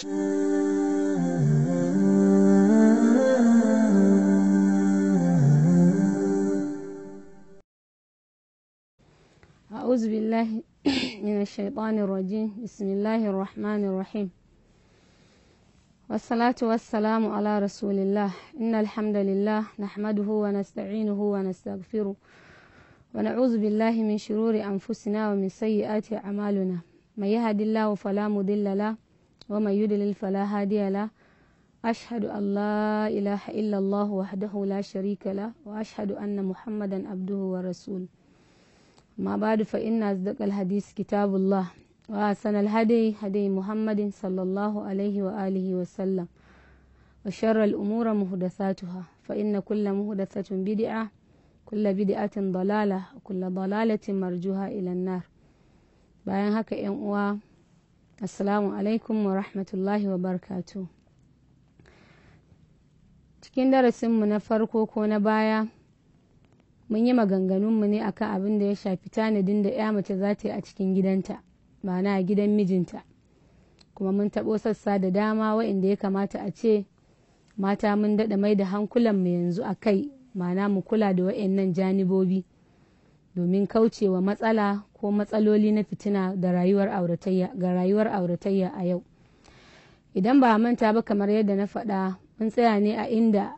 أعوذ بالله من الشيطان الرجيم بسم الله الرحمن الرحيم والصلاة والسلام على رسول الله إن الحمد لله نحمده ونستعينه ونستغفره ونعوذ بالله من شرور أنفسنا ومن سيئات أعمالنا من يهد الله فلا مضل له ومن يدلل فلا هادي له أشهد أن لا إله إلا الله وحده لا شريك له وأشهد أن محمدا عبده ورسوله ما بعد فإن أصدق الحديث كتاب الله وأحسن الهدي هدي محمد صلى الله عليه وآله وسلم وشر الأمور محدثاتها فإن كل محدثة بدعة كل بدعة ضلالة وكل ضلالة مرجوها إلى النار bayan haka 'yan uwa assalamu alaikum wa rahmatullahi wa barkatu cikin darasinmu na farko ko na baya mun yi maganganunmu ne akan abin da ya shafi tanadin da 'ya mace za ta yi a cikin gidanta ma'ana a gidan mijinta kuma mun taɓo sassa da dama wa'inda ya kamata a ce mata mun daɗa mai da hankulanmu yanzu a kai mana mu kula da wa'innan janibobi domin kaucewa matsala ko matsaloli na fitina da rayuwar auratayya ga rayuwar auratayya a yau idan ba manta ba kamar yadda na faɗa mun tsaya ne a inda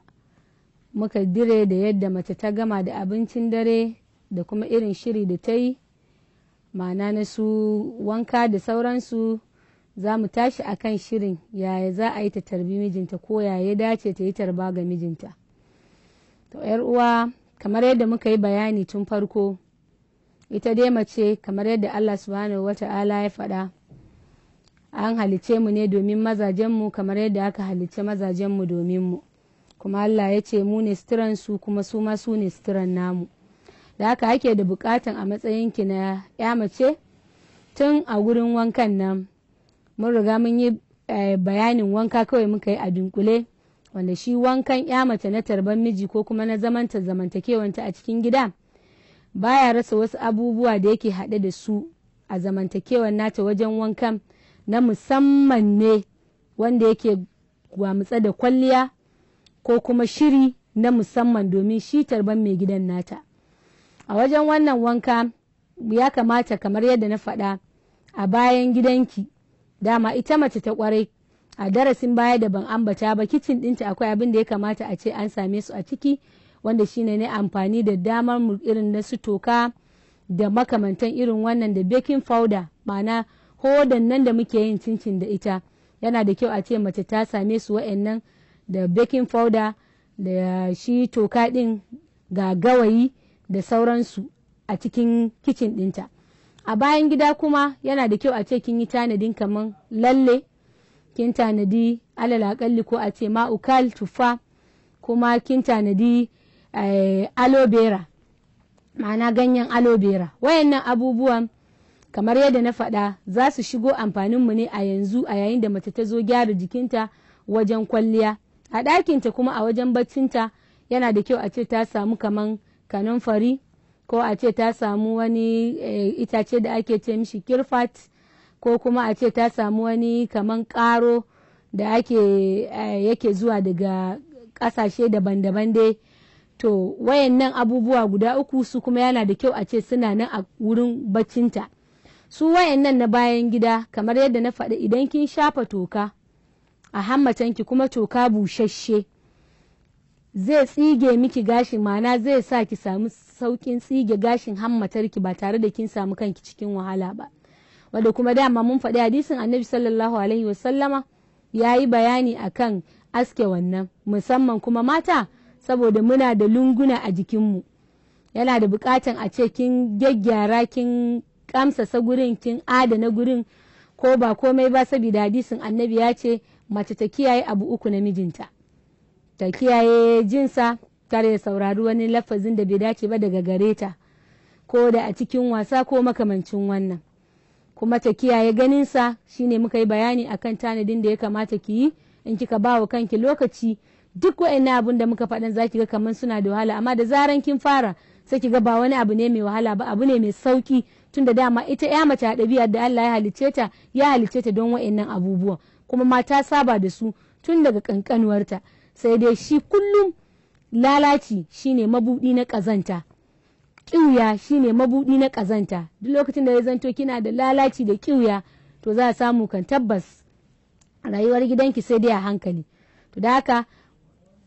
muka dire da yadda mace ta gama da abincin dare da kuma irin shiri da ta yi ma'ana na su wanka da sauransu za mu tashi a kan shirin yaya za a yi ta tarbi mijinta ko yaya dace ta yi tarba ga mijinta to uwa kamar yadda muka yi bayani tun farko ita dai mace kamar yadda Allah subhanahu wata'ala ya faɗa an halice mu ne domin mazajenmu kamar yadda aka halice mazajenmu domin mu kuma Allah ya ce mu ne suturan su kuma su ma su ne suturan namu da haka ake da bukatan a matsayin ki na ya mace tun a gurin wankan nan mun riga mun yi eh, bayanin wanka kawai muka yi a dunkule wanda shi wankan ya mace na tarban miji ko kuma na zamanta zamantakewanta a cikin gida baya rasa wasu abubuwa da yake haɗe da su a zamantakewar nata wajen wankan na musamman ne wanda yake gwamutsa da kwalliya ko kuma shiri na musamman domin shi tarban mai gidan nata a wajen wannan wanka ya kamata kamar yadda na faɗa a bayan gidanki dama ita mace ta kwarai a darasin baya da ban ambata ba kicin ɗinta akwai abin da ya kamata a ce an same su a ciki wanda shine ne amfani da damar mu irin na su toka da makamantan irin wannan da baking powder ma'ana hodan nan da muke yin cincin da ita yana da kyau a ce mace ta same su wa'annan da baking powder da shi toka din ga gawayi da sauransu a cikin kicin dinta a bayan gida kuma yana da kyau a ce kin yi tanadin kaman lalle kin tanadi alal ko a ce ma'ukal tufa kuma kin tanadi Eh, Alobera ma'ana ganyen Alobera wayannan abubuwan kamar yadda na faɗa za su shigo amfaninmu ne a yanzu a yayin da mace ta zo gyara jikinta wajen kwalliya a ɗakinta kuma a wajen baccinta yana da kyau a ce ta samu kaman kanunfari ko a ce ta samu wani eh, itace da ake ce mishi kirfat ko kuma a ce ta samu wani kaman ƙaro da ake eh, yake zuwa daga ƙasashe daban-daban dai to wayannan abubuwa guda uku su kuma yana da kyau a ce suna nan a wurin baccinta su wayannan na bayan gida kamar yadda na faɗi idan kin shafa toka a hammatanki kuma toka busasshe zai tsige miki gashin mana zai sa ki samu saukin tsige gashin hammatarki ba tare da kin samu kanki cikin wahala ba wanda kuma dama mun faɗi hadisin annabi sallallahu alaihi wasallama ya yi bayani akan aske wannan musamman kuma mata saboda muna da lunguna a jikinmu yana da bukatan a ce kin gyaggyara kin kamsasa gurin kin adana gurin ko ba komai ba saboda hadisin annabi ya ce mace ta kiyaye abu uku na mijinta ta kiyaye jinsa tare da saurari wani lafazin da bai dace ba daga gare ta ko da a cikin wasa ko makamancin wannan kuma ta kiyaye ganinsa shine muka yi bayani akan tanadin da ya kamata ki yi in kika ba wa kanki lokaci duk wa'annan abun da muka faɗan zaki ga kamar suna da wahala amma da zaran kin fara sai ki ga ba wani abu ne mai wahala ba abu ne mai sauki tun da dama ita ya mace a ɗabi'ar da Allah ya halicce ta ya halicce ta don wa'annan abubuwan kuma mata saba da su tun daga kankanuwarta sai dai shi kullum lalaci shine mabudi na ƙazanta ƙiuya shine mabudi na kazanta duk lokacin da ya zanto kina da lalaci da ƙiuya to za a samu kan tabbas rayuwar gidanki sai dai a hankali to da haka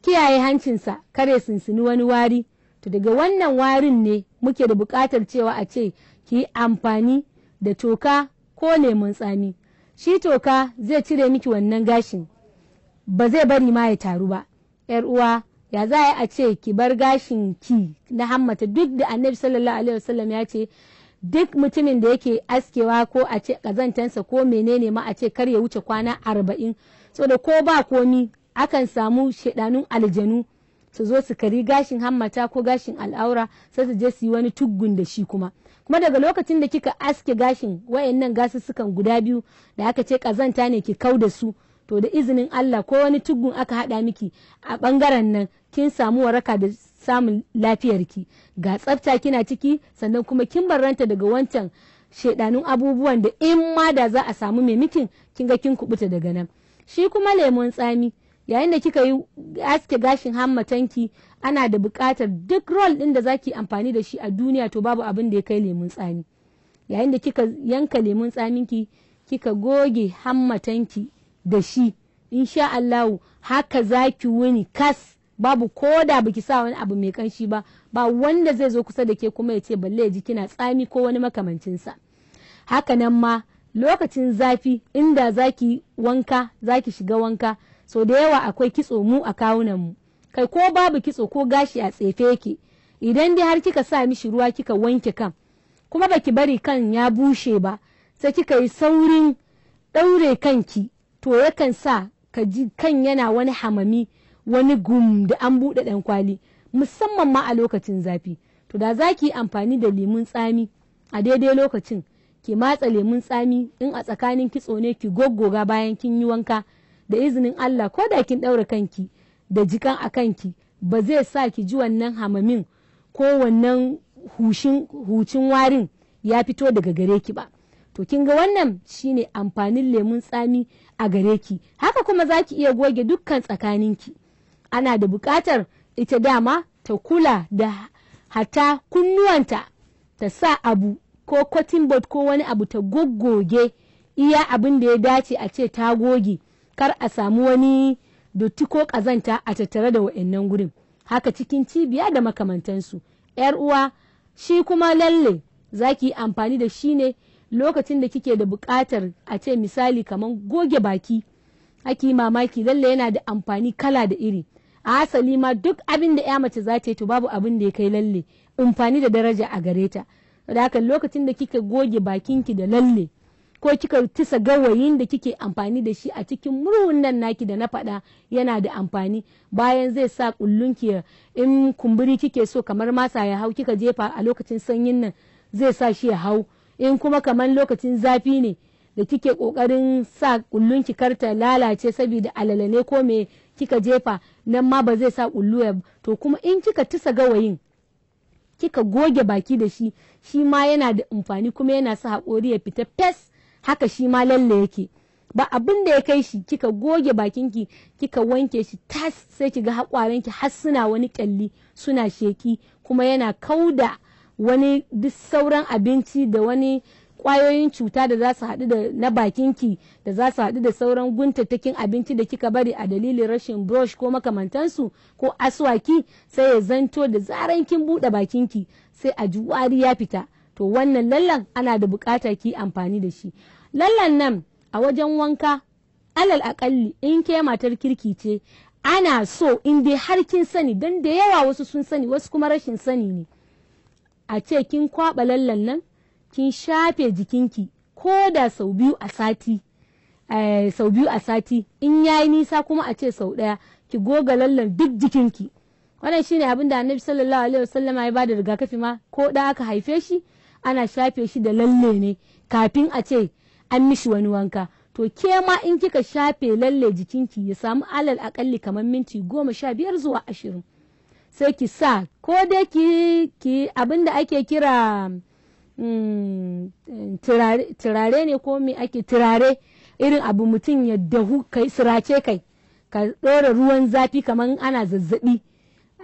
kiyaye hancinsa kare sinsini wani wari to daga wannan warin ne muke da buƙatar cewa a ce ki amfani da toka ko lemun tsami shi toka zai cire miki wannan gashin ba zai bari ma ya taru ba yar uwa ya za a ce ki bar gashin ki na hammata duk da annabi sallallahu alaihi wasallam ya ce duk mutumin da yake askewa ko a ce kazantansa ko menene ma a ce kar ya wuce kwana arba'in so da ko ba komi akan samu shaidanun aljanu su zo su kari gashin hammata ko gashin al'aura sai su je su yi wani tuggun da shi kuma kuma daga lokacin da kika aske gashin wayannan gasu sukan guda biyu da aka ce kazanta ne ki kau da su to da izinin Allah ko wani tuggun aka hada miki a bangaren nan kin samu waraka da samun lafiyarki ga tsafta kina ciki sannan kuma kin barranta daga wancan shaidanun abubuwan da in ma da za a samu mai mikin kin ga kin kubuta daga nan shi kuma lemon tsami yayin da kika yi aske gashin hammatanki ana da bukatar duk rol ɗin da zaki amfani da shi a duniya to babu abin da ya kai lemun tsami yayin da kika yanka lemun tsaminki kika goge hammatanki da shi insha Allahu haka zaki wuni kas babu ko da baki sa wani abu mai kanshi ba ba wanda zai zo kusa da ke kuma ya ce balle ya ji kina tsami ko wani makamancinsa haka nan ma lokacin zafi inda zaki wanka zaki shiga wanka so da yawa akwai kitso mu a kawunan mu kai ko babu kitso ko gashi a tsefe yake idan dai har kika sa mishi ruwa kika wanke kan kuma baki bari kan ya bushe ba sai kika yi saurin daure kanki to yakan sa ka ji kan yana wani hamami wani gum da an buɗe ɗankwali kwali musamman ma a lokacin zafi to da zaki yi amfani da lemun tsami a daidai lokacin ki matsa lemun tsami in a tsakanin kitso ne ki goggoga bayan kin yi wanka da izinin Allah ko da kin ɗaura kanki da jikan a kanki ba zai sa ki ji wannan hamamin ko wannan hucin warin ya fito daga gare ki ba to kin ga wannan shine amfanin lemun tsami a gare ki haka kuma za ki iya goge dukkan tsakaninki ana da buƙatar ita dama ta kula da hata kunnuwanta ta sa abu ko cotton bot ko wani abu ta goggoge iya abin da ya dace a ce ta goge kar a samu wani dotti ko kazanta a tattare da wa'annan gurin haka cikin cibiya da makamantansu yar uwa shi kuma lalle za ki amfani da shi ne lokacin da kike da buƙatar a ce misali kamar goge baki haki mamaki lalle yana da amfani kala da iri a asali ma duk abin da ya mace za ta yi to babu abin da ya kai lalle amfani da daraja a gare ta da haka lokacin da kike goge bakinki da lalle ko kika tisa gawayin da kike amfani da shi a cikin murhun nan naki da na faɗa yana da amfani bayan zai sa kullunki in kumburi kike so kamar masa ya hau kika jefa a lokacin sanyin nan zai sa shi ya hau in kuma kamar lokacin zafi ne da kike kokarin sa kullunki karta lalace saboda alala ne ko me kika jefa nan ma ba zai sa kullu ya to kuma in kika tisa gawayin kika goge baki da shi shi ma yana da amfani kuma yana sa haƙori ya fita fes haka shi ma lalle yake ba abin da ya kai shi kika goge bakinki kika wanke shi tas sai kiga hakwaranki har suna wani kyalli suna sheki kuma yana kauda wani duk sauran abinci da wani kwayoyin cuta da za su haɗu da na bakinki da za su haɗu da sauran guntattakin abinci da kika bari a dalilin rashin brush ko makamantansu ko aswaki sai ya zanto da zaran kin buɗe bakinki sai a ji wari ya fita to wannan lallan ana da bukata ki amfani da shi lallan nan a wajen wanka alal akalli in ke matar kirki ce ana so in dai har kin sani don da yawa wasu sun sani wasu kuma rashin sani ne a ce kin kwaba lallan nan kin shafe jikinki ko da sau biyu a sati eh, sau biyu a sati in yayi nisa kuma a ce sau ɗaya ki goga lallan duk jikinki wannan shine abin da annabi sallallahu alaihi wasallama ya bada rigakafi ma ko da aka haife shi ana shafe shi da lalle ne kafin a ce an mishi wani wanka to ke ma in kika shafe lalle jikinki ya samu alal akalli kamar minti goma sha biyar zuwa ashirin sai ki sa ko dai ki ki abin da ake kira mm, turare ne ko me ake turare irin abu mutum ya dahu kai sirace kai ka ɗora ruwan zafi kamar ana zazzaɓi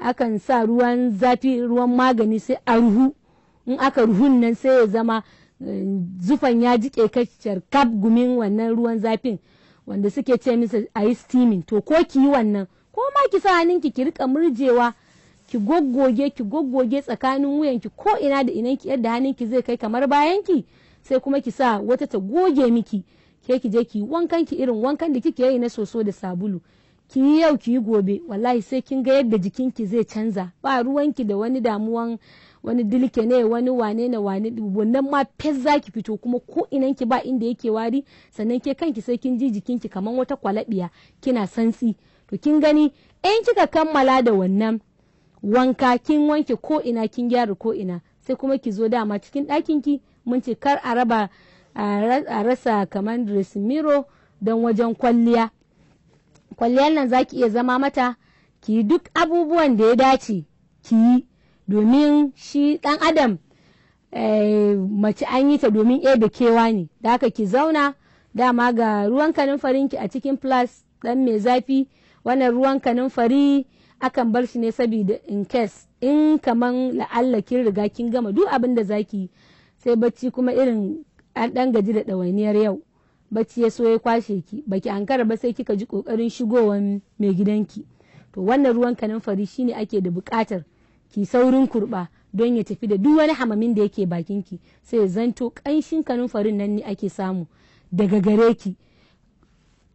akan sa ruwan zafi ruwan magani sai a ruhu in aka ruhun nan sai ya zama zufan ya jike kacar kaf gumin wannan ruwan zafin wanda suke ce misa a yi steaming to ko ki yi wannan ko ma ki sa hannunki ki rika murjewa ki goggoge ki goggoge tsakanin wuyanki ko ina da ki yadda hannunki zai kai kamar bayanki sai kuma ki sa wata ta goge miki ke ki je ki wankan ki irin wankan da kike yi na soso da sabulu ki yi yau ki yi gobe wallahi sai kin ga yadda jikinki zai canza ba ruwanki da wani damuwan wani dilke ne wani wane na wane wannan ma fes ki fito kuma ko inan ki ba inda yake wari sannan ke kanki sai kin ji jikinki kamar wata kwalabiya kina santsi to kin gani in kika kammala da wannan wanka kin wanke ko ina kin gyara ko ina sai kuma ki zo dama cikin ɗakin ki mun ce kar a raba a rasa kamar dressing mirror don wajen kwalliya kwalliyar nan zaki iya zama mata ki duk abubuwan da ya dace ki yi domin shi ɗan adam eh, mace an yi ta domin ebe kewa ne da haka ki zauna dama ga ruwan kanunfarinki a cikin plus ɗan mai zafi wannan ruwan kanunfari akan bar shi ne saboda in case in kaman la'alla kin riga kin gama duk abin da zaki sai bacci kuma irin an ɗan gaji da ɗawainiyar yau bacci ya so ya kwashe ki baki ankara ba sai kika ji ƙoƙarin shigowan mai gidanki to wannan ruwan kanunfari shine ake da buƙatar ki saurin kurba don ya tafi da duk wani hamamin da yake bakinki sai ya zanto kanshin kanunfarin nan ne ake samu daga gare ki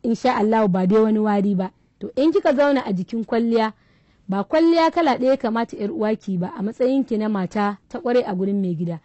insha Allah ba dai wani wari ba to in kika zauna a jikin kwalliya ba kwalliya kala ɗaya kamata yar uwaki ba a matsayin ki na mata ta kware a gurin mai gida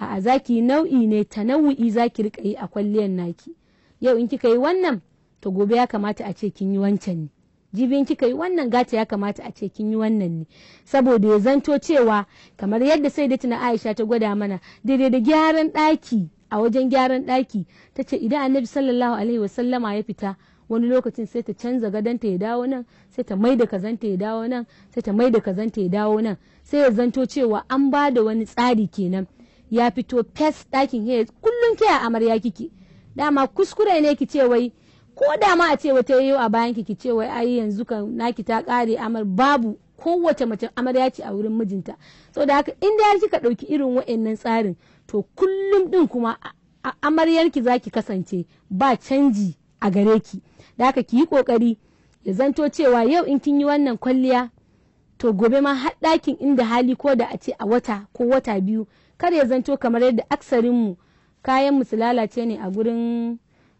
a'a zaki nau'i ne tanawu'i zaki rika yi a kwalliyan naki yau in kika yi wannan to gobe ya kamata a ce kin yi wancan ne jibin kika yi wannan gata ya kamata a ce kin yi wannan ne saboda ya zanto cewa kamar yadda sai da tuna aisha ta gwada mana daidai da gyaran ɗaki a wajen gyaran ɗaki ta ce idan annabi sallallahu alaihi wasallama ya fita wani lokacin sai ta canza gadonta ya dawo nan sai ta maida kazanta ya dawo nan sai ta maida kazanta ya dawo nan sai ya zanto cewa an ba da wani tsari kenan ya fito fes ɗakin ya kullum ke a amarya kike dama kuskure ne ki ce wai ko da ma a ce wata yau a bayan ki ce wai ayi yanzu kan naki ta kare amar babu kowace mace amarya ce a wurin mijinta saboda haka in da kika ɗauki irin wa'annan tsarin to kullum din kuma amaryarki zaki kasance ba canji a gare ki da haka ki yi kokari ya zanto cewa yau in kin yi wannan kwalliya to gobe ma har inda hali ko da a ce a wata ko wata biyu kar ya zanto kamar yadda aksarinmu kayan mu su lalace ne a gurin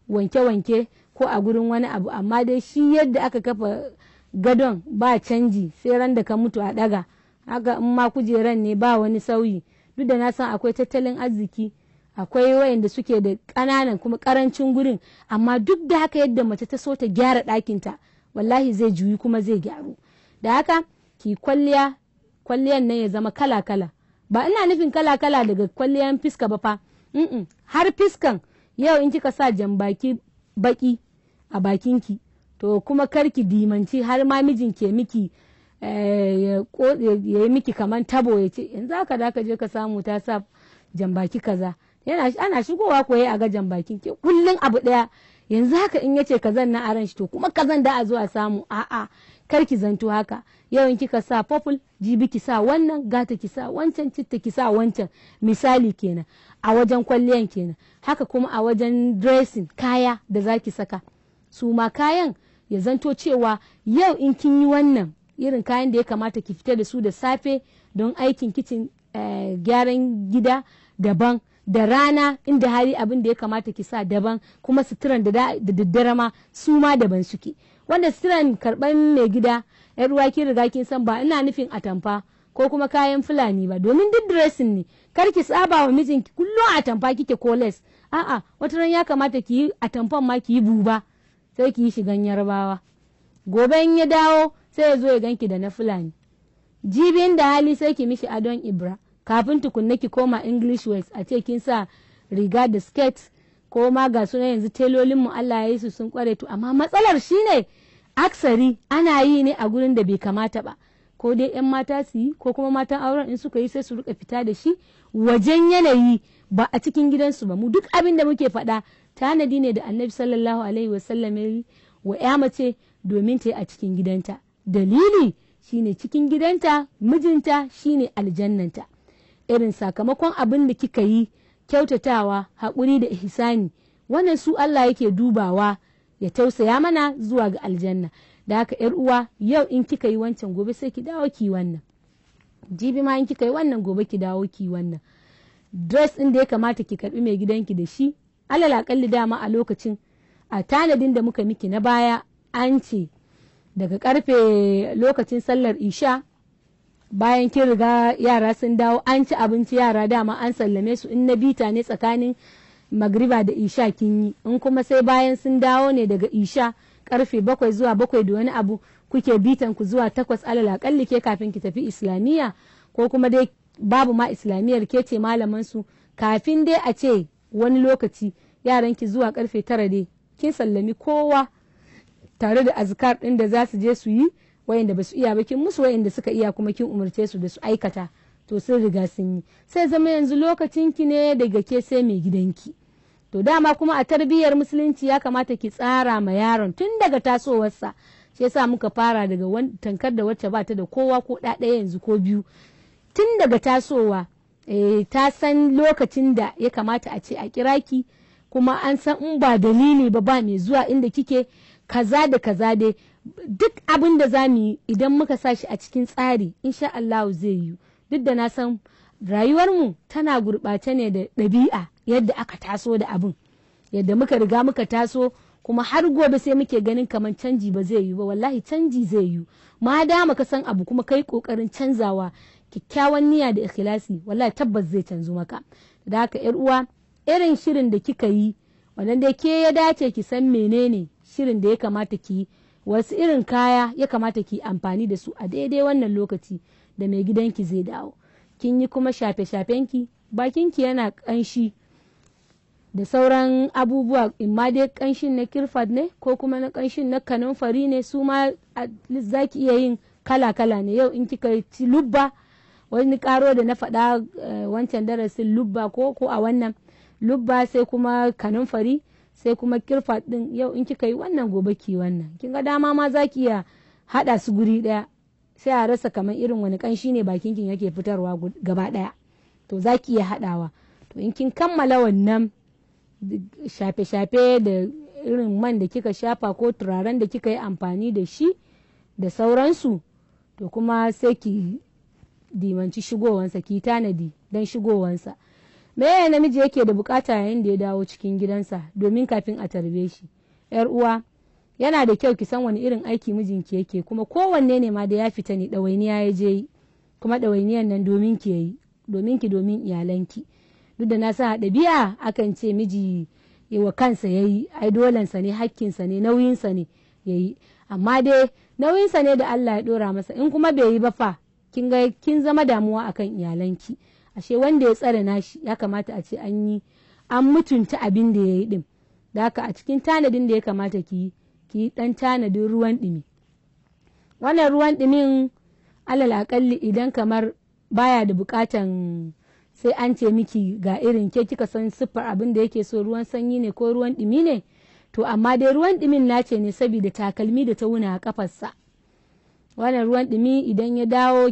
wanke-wanke ko a gurin wani abu amma dai shi yadda aka kafa gadon ba canji sai ran da ka mutu a daga haka in ma kujeran ne ba wani sauyi duk da na san akwai tattalin arziki akwai wayanda suke da ƙananan kuma karancin gurin amma duk da haka yadda mace ta so ta gyara ɗakinta wallahi zai juyi kuma zai gyaru da haka ki kwalliya kwalliyan nan ya zama kala kala ba ina nufin kala kala daga kwalliyan fiska ba fa har fiskan yau in kika sa jan baki baki a bakinki to kuma karki dimanci har ma mijin ke miki eh, ya yi miki kaman tabo ya ce yanzu haka da ka je ka samu ta sa jambaki kaza yana ana shigowa ko a ga jambakin ke kullun abu daya yanzu haka in yace kazan na aran shi to kuma kazan da a zo a samu a'a kar ki zanto haka yawan kika sa purple jibi ki sa wannan gata ki sa wancan citta ki sa wancan misali kenan a wajen kwalliyan kenan haka kuma a wajen dressing kaya da zaki saka su ma kayan ya zanto cewa yau in kin yi wannan irin kayan da ya kamata ki fita da su da safe don aikin kicin eh, gyaran gida daban da rana inda hari abin da ya kamata ki sa daban kuma suturan da daddare ma su ma daban suke wanda suturan karban mai gida yar uwa kin riga kin san ba ina nufin atamfa ko kuma kayan fulani ba domin duk dressing ne kar ki saba wa mijinki kullum atamfa kike ko less a'a wata ran ya kamata ki yi atamfan ma ki yi buba sai ki yi shigan yarbawa gobe in ya dawo sai ya zo ya ganki da na fulani jibin da hali sai ki mishi adon ibra kafin tukunna ki koma english west a ce kin sa riga da skirt ko ma ga suna yanzu telolin mu Allah ya yi su sun kware to amma matsalar shine aksari ana yi ne a gurin da bai kamata ba ko dai yan mata su yi ko kuma matan auren in suka yi sai su rika fita da shi wajen yanayi ba a cikin gidansu ba mu duk abin da muke faɗa tanadi ne da annabi sallallahu alaihi wasallam wa ya mace domin ta yi a cikin gidanta dalili shine cikin gidanta mijinta shine aljannanta irin sakamakon abin da kika yi kyautatawa haƙuri da ihsani wannan su Allah yake dubawa ya tausaya mana zuwa ga aljanna da haka yar uwa yau in kika yi wancan gobe sai ki dawo ki wannan jibi ma in kika yi wannan gobe ki dawo ki wannan dress din da ya kamata ki karbi mai gidanki da shi alal akalli dama a lokacin a tanadin da muka miki na baya an ce daga karfe lokacin sallar isha bayan kin riga yara sun dawo an ci abinci yara dama an sallame su in na bita ne tsakanin magriba da isha kin yi in kuma sai bayan sun dawo ne daga isha karfe bakwai zuwa bakwai da wani abu kuke bitan ku zuwa takwas alal akalli ke kafin ki tafi islamiyya ko kuma dai babu ma islamiyyar ke ce malaman su kafin dai a ce wani lokaci yaranki zuwa karfe tara dai kin sallami kowa tare da azkar din da za su je su yi wayanda ba su iya ba kin musu wayanda suka iya kuma kin umarce su da su aikata to sun riga sun yi sai zama yanzu lokacin ki ne daga ke sai mai gidanki to dama kuma a tarbiyyar musulunci ya kamata ki tsara ma yaron tun daga tasowarsa shi yasa muka fara daga tankar da wacce ba ta da kowa ko ɗaya yanzu ko biyu tun daga tasowa Eh, ta san lokacin da ya kamata a ce a kira ki kuma an san in ba dalili ba ba mai zuwa inda kike kaza da kaza dai duk abin da za mu yi idan muka sa shi a cikin tsari insha Allah zai yi duk da na san rayuwarmu tana gurɓace ne da ɗabi'a yadda aka taso da abin yadda muka riga muka taso kuma har gobe sai muke ganin kamar canji ba zai yi ba wallahi canji zai yi ma dama ka san abu kuma kai kokarin canzawa kyakkyawan niyya da ikhlasi wallahi tabbas zai canzu maka da haka yar uwa irin shirin da kika yi wannan da ke ya dace ki san menene shirin da ya kamata ki wasu irin kaya ya kamata ki amfani da su a daidai wannan lokaci da mai gidanki zai dawo kin yi kuma shafe-shafenki ki yana kanshi da sauran abubuwa in ma dai kanshin na kirfad ne ko kuma na kanshin na kanunfari ne su ma za iya yin kala-kala ne yau in kika ci lubba wani karo da na faɗa eh, wancan darasin lubba ko ko a wannan lubba sai kuma kanunfari sai kuma kirfa ɗin yau in kika yi wannan gobe ki wannan kin ga dama ma za ki iya haɗa su guri ɗaya sai a rasa kamar irin wani ƙanshi ne bakin kin yake fitarwa gaba ɗaya to za ki iya haɗawa to in kin kammala wannan shafe-shafe da irin man da kika shafa ko turaren da kika yi amfani da shi da sauransu to kuma sai ki dimanci shigowansa ki tanadi don shigowansa me yaya namiji yake da bukata yayin da ya dawo cikin gidansa domin kafin a tarbe shi yar uwa yana da kyau ki san wani irin aiki mijinki yake kuma kowanne ne ma da ya fita ne ɗawainiya ya je yi kuma ɗawainiyan nan domin ki yayi domin ki domin iyalanki duk da na sa ɗabi'a akan ce miji wa kansa ya yi ai dolensa ne hakkinsa ne nauyinsa ne ya yi amma dai nauyinsa ne da Allah ya ɗora masa in kuma bai yi ba fa kin ga kin zama damuwa akan iyalanki ashe wanda ya tsare nashi ya kamata a ce an yi an mutunta abin da ya yi din da haka a cikin tanadin da ya kamata ki yi ki yi dan tanadin ruwan dumi wannan ruwan dumin alal akalli idan kamar baya da bukatan sai an ce miki ga irin ke kika san siffar abin da yake so ruwan sanyi ne ko ruwan dumi ne to amma dai ruwan dumin nace ne saboda takalmi da ta wuna a kafarsa wannan ruwan ɗumi idan ya dawo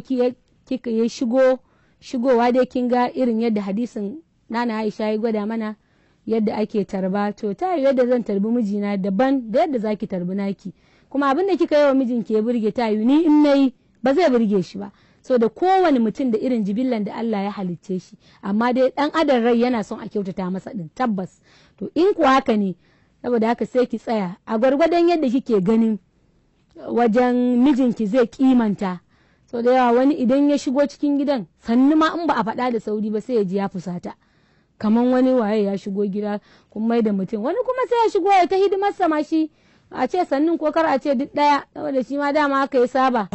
kika ya shigo shigowa dai kin ga irin yadda hadisin nana aisha ya gwada mana yadda ake tarba to ta yadda zan tarbi mijina daban da yadda zaki tarbi naki kuma abin da kika yi wa mijin ke burge ta yi ni in nayi ba zai burge shi ba so da kowane mutum da irin jibillan da Allah ya halicce shi amma dai dan adam rai yana son a kyautata masa din tabbas to in kuwa haka ne saboda haka sai ki tsaya a gwargwadon yadda kike ganin wajen mijinki zai kimanta sau da yawa wani idan ya shigo cikin gidan sannu ma in ba a faɗa da sauri ba sai ya ji ya fusata kamar wani waye ya shigo gida kuma mai da mutum wani kuma sai ya shigo ya ta hidimar ma shi a ce sannin ko kar a ce duk ɗaya saboda shi ma dama aka yi saba.